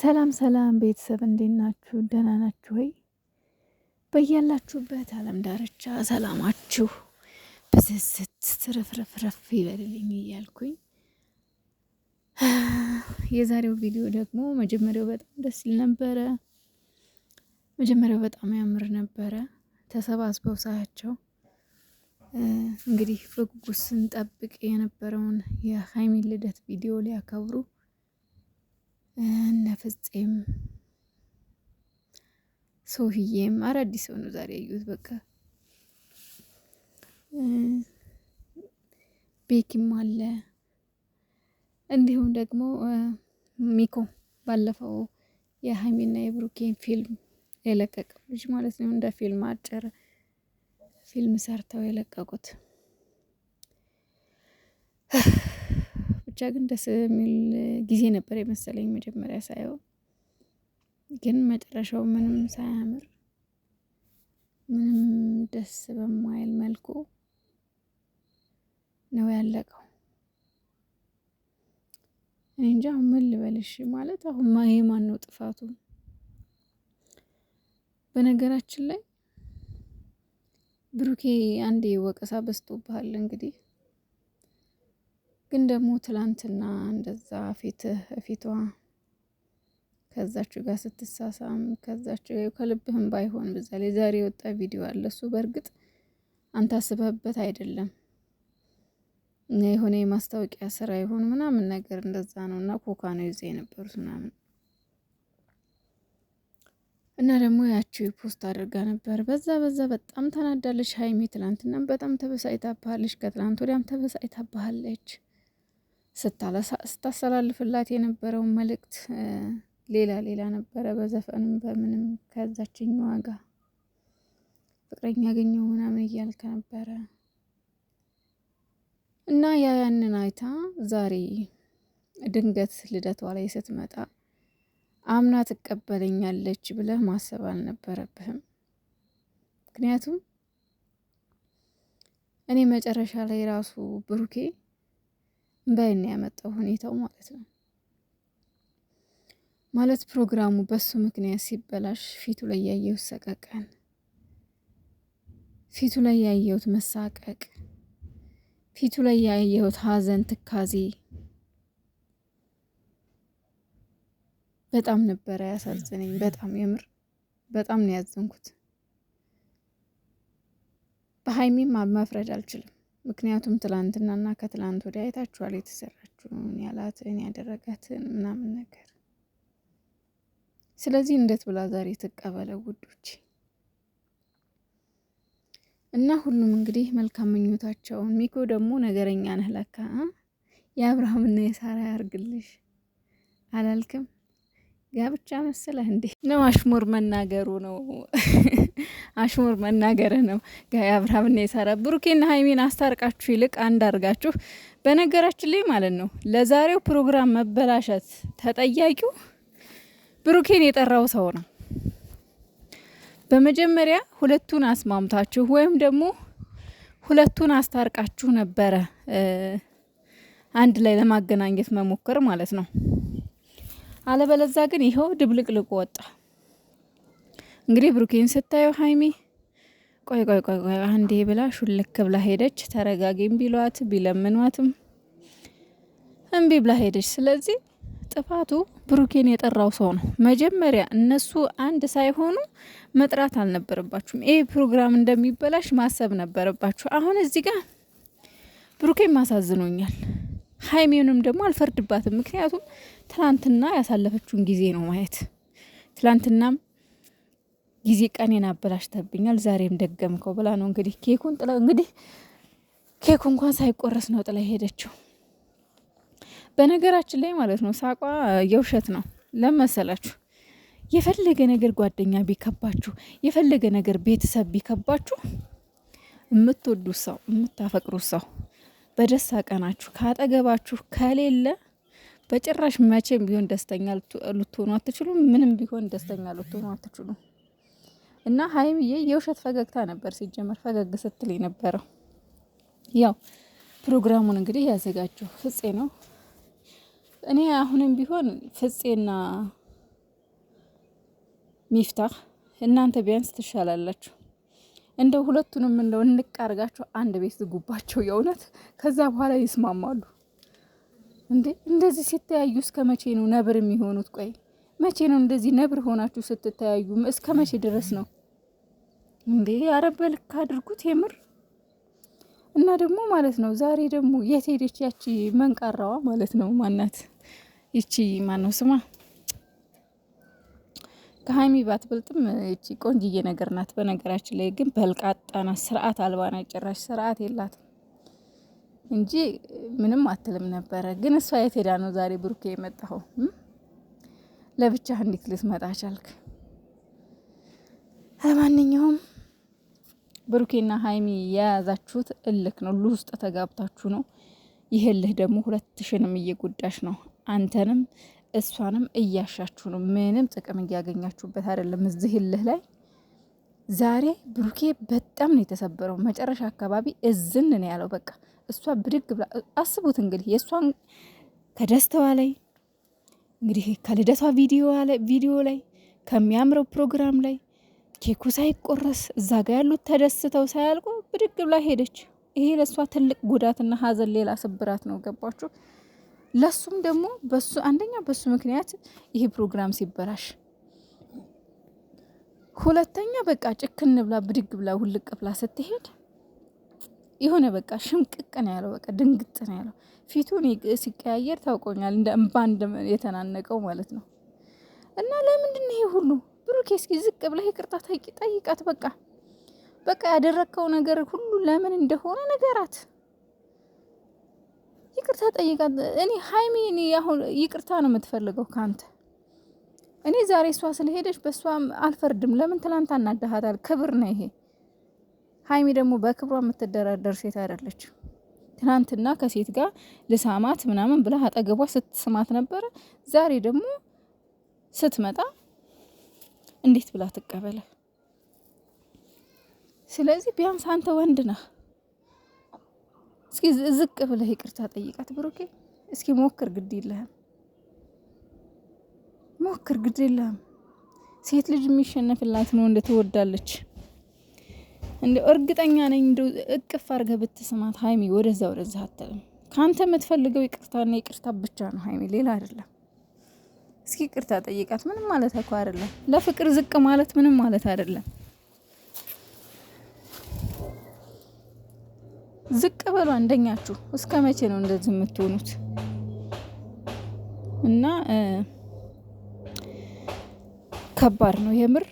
ሰላም ሰላም ቤተሰብ እንዴት ናችሁ? ደህና ናችሁ ወይ? በያላችሁበት ዓለም ዳርቻ ሰላማችሁ ብስስት ትርፍርፍርፍ ይበልልኝ እያልኩኝ የዛሬው ቪዲዮ ደግሞ መጀመሪያው በጣም ደስ ይል ነበረ። መጀመሪያው በጣም ያምር ነበረ። ተሰባስበው ሳያቸው እንግዲህ በጉጉት ስንጠብቅ የነበረውን የሀይሚን ልደት ቪዲዮ ሊያከብሩ እነ ፍፄም ሶፊዬም አዳዲስ ሰው ነው ዛሬ ያዩት። በቃ ቤኪም አለ። እንዲሁም ደግሞ ሚኮ ባለፈው የሀይሚና የብሩኬን ፊልም የለቀቀው ልጅ ማለት ነው። እንደ ፊልም አጭር ፊልም ሰርተው የለቀቁት ብቻ ግን ደስ የሚል ጊዜ ነበር የመሰለኝ መጀመሪያ ሳየው፣ ግን መጨረሻው ምንም ሳያምር ምንም ደስ በማይል መልኩ ነው ያለቀው። እኔ እንጃ ምን ልበልሽ። ማለት አሁን ማን ነው ጥፋቱ? በነገራችን ላይ ብሩኬ አንዴ ወቀሳ በዝቶብሃል እንግዲህ ግን ደግሞ ትላንትና እንደዛ ፊትህ ፊቷ ከዛችሁ ጋር ስትሳሳም ከዛችሁ ከልብህም ባይሆን በዛ ላይ ዛሬ የወጣ ቪዲዮ አለ። እሱ በእርግጥ አንተ አስበህበት አይደለም የሆነ የማስታወቂያ ስራ ይሆን ምናምን ነገር እንደዛ ነው። እና ኮካ ነው ይዘ የነበሩት ምናምን እና ደግሞ ያቺው ፖስት አድርጋ ነበር። በዛ በዛ በጣም ተናዳለች ሀይሜ ትላንትና በጣም ተበሳጭታባለች። ከትላንት ወዲያም ተበሳጭታባለች። ስታስተላልፍላት የነበረው መልእክት ሌላ ሌላ ነበረ። በዘፈንም በምንም ከዛችኝ ዋጋ ፍቅረኛ ያገኘው ምናምን እያልከ ነበረ እና ያ ያንን አይታ ዛሬ ድንገት ልደቷ ላይ ስትመጣ አምና ትቀበለኛለች ብለህ ማሰብ አልነበረብህም። ምክንያቱም እኔ መጨረሻ ላይ ራሱ ብሩኬ በእኔ ያመጣው ሁኔታው ማለት ነው። ማለት ፕሮግራሙ በሱ ምክንያት ሲበላሽ ፊቱ ላይ ያየሁት ሰቀቀን፣ ፊቱ ላይ ያየሁት መሳቀቅ፣ ፊቱ ላይ ያየሁት ሀዘን ትካዜ በጣም ነበረ ያሳዝነኝ። በጣም የምር በጣም ነው ያዘንኩት። በሀይሚም መፍረድ አልችልም። ምክንያቱም ትላንትናና ከትላንት ወዲያ አይታችኋል የተሰራችውን ያላትን ያደረጋትን ምናምን ነገር። ስለዚህ እንዴት ብላ ዛሬ ትቀበለው ውዶች? እና ሁሉም እንግዲህ መልካም ምኞታቸውን ሚኮ ደግሞ ነገረኛ ነህ ለካ የአብርሃምና የሳራ ያርግልሽ አላልክም? ጋብቻ መሰለህ እንዴ ነው? አሽሙር መናገሩ ነው። አሽሙር መናገር ነው። አብርሃምና የሳራ ብሩኬና ሀይሜን አስታርቃችሁ ይልቅ አንድ አርጋችሁ። በነገራችን ላይ ማለት ነው ለዛሬው ፕሮግራም መበላሸት ተጠያቂው ብሩኬን የጠራው ሰው ነው። በመጀመሪያ ሁለቱን አስማምታችሁ ወይም ደግሞ ሁለቱን አስታርቃችሁ ነበረ አንድ ላይ ለማገናኘት መሞከር ማለት ነው። አለበለዛ ግን ይኸው ድብልቅልቁ ወጣ። እንግዲህ ብሩኬን ስታየው ሀይሚ ቆይ ቆይ ቆይ ቆይ አንዴ ብላ ሹልክ ብላ ሄደች። ተረጋጊም ቢሏት ቢለምኗትም እምቢ ብላ ሄደች። ስለዚህ ጥፋቱ ብሩኬን የጠራው ሰው ነው። መጀመሪያ እነሱ አንድ ሳይሆኑ መጥራት አልነበረባችሁም። ይህ ፕሮግራም እንደሚበላሽ ማሰብ ነበረባችሁ። አሁን እዚህ ጋር ብሩኬን ማሳዝኖኛል። ሀይሜንም ደግሞ አልፈርድባትም። ምክንያቱም ትናንትና ያሳለፈችውን ጊዜ ነው ማየት። ትላንትናም ጊዜ ቀኔን አበላሽተብኛል፣ ዛሬም ደገምከው ብላ ነው እንግዲህ ኬኩን ጥላ እንግዲህ ኬኩ እንኳን ሳይቆረስ ነው ጥላ ሄደችው። በነገራችን ላይ ማለት ነው ሳቋ የውሸት ነው ለመሰላችሁ የፈለገ ነገር ጓደኛ ቢከባችሁ፣ የፈለገ ነገር ቤተሰብ ቢከባችሁ፣ የምትወዱ ሰው የምታፈቅሩ ሰው በደስታ ቀናችሁ ካጠገባችሁ ከሌለ በጭራሽ መቼም ቢሆን ደስተኛ ልትሆኑ አትችሉም። ምንም ቢሆን ደስተኛ ልትሆኑ አትችሉም። እና ሀይምዬ የውሸት ፈገግታ ነበር ሲጀመር ፈገግ ስትል የነበረው። ያው ፕሮግራሙን እንግዲህ ያዘጋጀው ፍጼ ነው። እኔ አሁንም ቢሆን ፍጼና ሚፍታህ እናንተ ቢያንስ ትሻላላችሁ። እንደ ሁለቱንም እንደው እንቃርጋቸው አንድ ቤት ዝጉባቸው የእውነት ከዛ በኋላ ይስማማሉ እንዴ እንደዚህ ሲተያዩ እስከ መቼ ነው ነብር የሚሆኑት ቆይ መቼ ነው እንደዚህ ነብር ሆናችሁ ስትተያዩ እስከ መቼ ድረስ ነው እንዴ ኧረ በልክ አድርጉት የምር እና ደግሞ ማለት ነው ዛሬ ደግሞ የት ሄደች ያቺ መንቃራዋ ማለት ነው ማናት ይቺ ማን ነው ስማ ከሀይሚ ባትበልጥም እቺ ቆንጅዬ ነገር ናት። በነገራችን ላይ ግን በልቃጣ ናት፣ ስርዓት አልባ ናት። ጭራሽ ስርዓት የላትም እንጂ ምንም አትልም ነበረ። ግን እሷ የት ሄዳ ነው ዛሬ ብሩኬ የመጣኸው? ለብቻህ እንዴት ልትመጣ ቻልክ? ማንኛውም ብሩኬና ሀይሚ የያዛችሁት እልክ ነው። ውስጥ ተጋብታችሁ ነው። ይህ እልህ ደግሞ ሁለት ሽንም እየጎዳሽ ነው አንተንም እሷንም እያሻችሁ ነው። ምንም ጥቅም እያገኛችሁበት አይደለም። እዚህ እልህ ላይ ዛሬ ብሩኬ በጣም ነው የተሰበረው። መጨረሻ አካባቢ እዝን ነው ያለው። በቃ እሷ ብድግ ብላ አስቡት እንግዲህ የእሷን ከደስተዋ ላይ እንግዲህ ከልደቷ ቪዲዮ ላይ ከሚያምረው ፕሮግራም ላይ ኬኩ ሳይቆረስ እዛ ጋ ያሉት ተደስተው ሳያልቁ ብድግ ብላ ሄደች። ይሄ ለእሷ ትልቅ ጉዳትና ሀዘን ሌላ ስብራት ነው። ገባችሁ? ለሱም ደግሞ በሱ አንደኛ በሱ ምክንያት ይሄ ፕሮግራም ሲበራሽ፣ ሁለተኛ በቃ ጭክን ብላ ብድግ ብላ ውልቅ ብላ ስትሄድ የሆነ በቃ ሽምቅቅ ነው ያለው፣ በቃ ድንግጥ ነው ያለው። ፊቱን ሲቀያየር ታውቆኛል፣ እንደ እንባ የተናነቀው ማለት ነው። እና ለምንድን ይሄ ሁሉ ብሩኬ? እስኪ ዝቅ ብለህ ይቅርታ ጠይቃት። በቃ በቃ ያደረግከው ነገር ሁሉ ለምን እንደሆነ ነገራት። ይቅርታ ጠይቃት። እኔ ሀይሚ እኔ አሁን ይቅርታ ነው የምትፈልገው ከአንተ። እኔ ዛሬ እሷ ስለሄደች በእሷ አልፈርድም። ለምን ትላንት አናዳሃታል። ክብር ነው ይሄ። ሀይሚ ደግሞ በክብሯ የምትደራደር ሴት አደለች ትናንትና ከሴት ጋር ልሳማት ምናምን ብላ አጠገቧ ስትስማት ነበረ። ዛሬ ደግሞ ስትመጣ እንዴት ብላ ትቀበለ? ስለዚህ ቢያንስ አንተ ወንድ ነህ። እስኪ ዝቅ ብለህ ይቅርታ ጠይቃት ብሩኬ። እስኪ ሞክር፣ ግድ የለህም ሞክር፣ ግድ የለህም። ሴት ልጅ የሚሸነፍላት ነው እንደ ትወዳለች እንደ እርግጠኛ ነኝ እንደ እቅፍ አድርገህ ብትስማት ሀይሚ ወደዛ ወደዛ አትልም። ከአንተ የምትፈልገው ይቅርታና ይቅርታ ብቻ ነው ሀይሚ፣ ሌላ አይደለም። እስኪ ይቅርታ ጠይቃት። ምንም ማለት እኮ አይደለም። ለፍቅር ዝቅ ማለት ምንም ማለት አይደለም። ዝቅ በሉ አንደኛችሁ። እስከ መቼ ነው እንደዚህ የምትሆኑት? እና ከባድ ነው የምር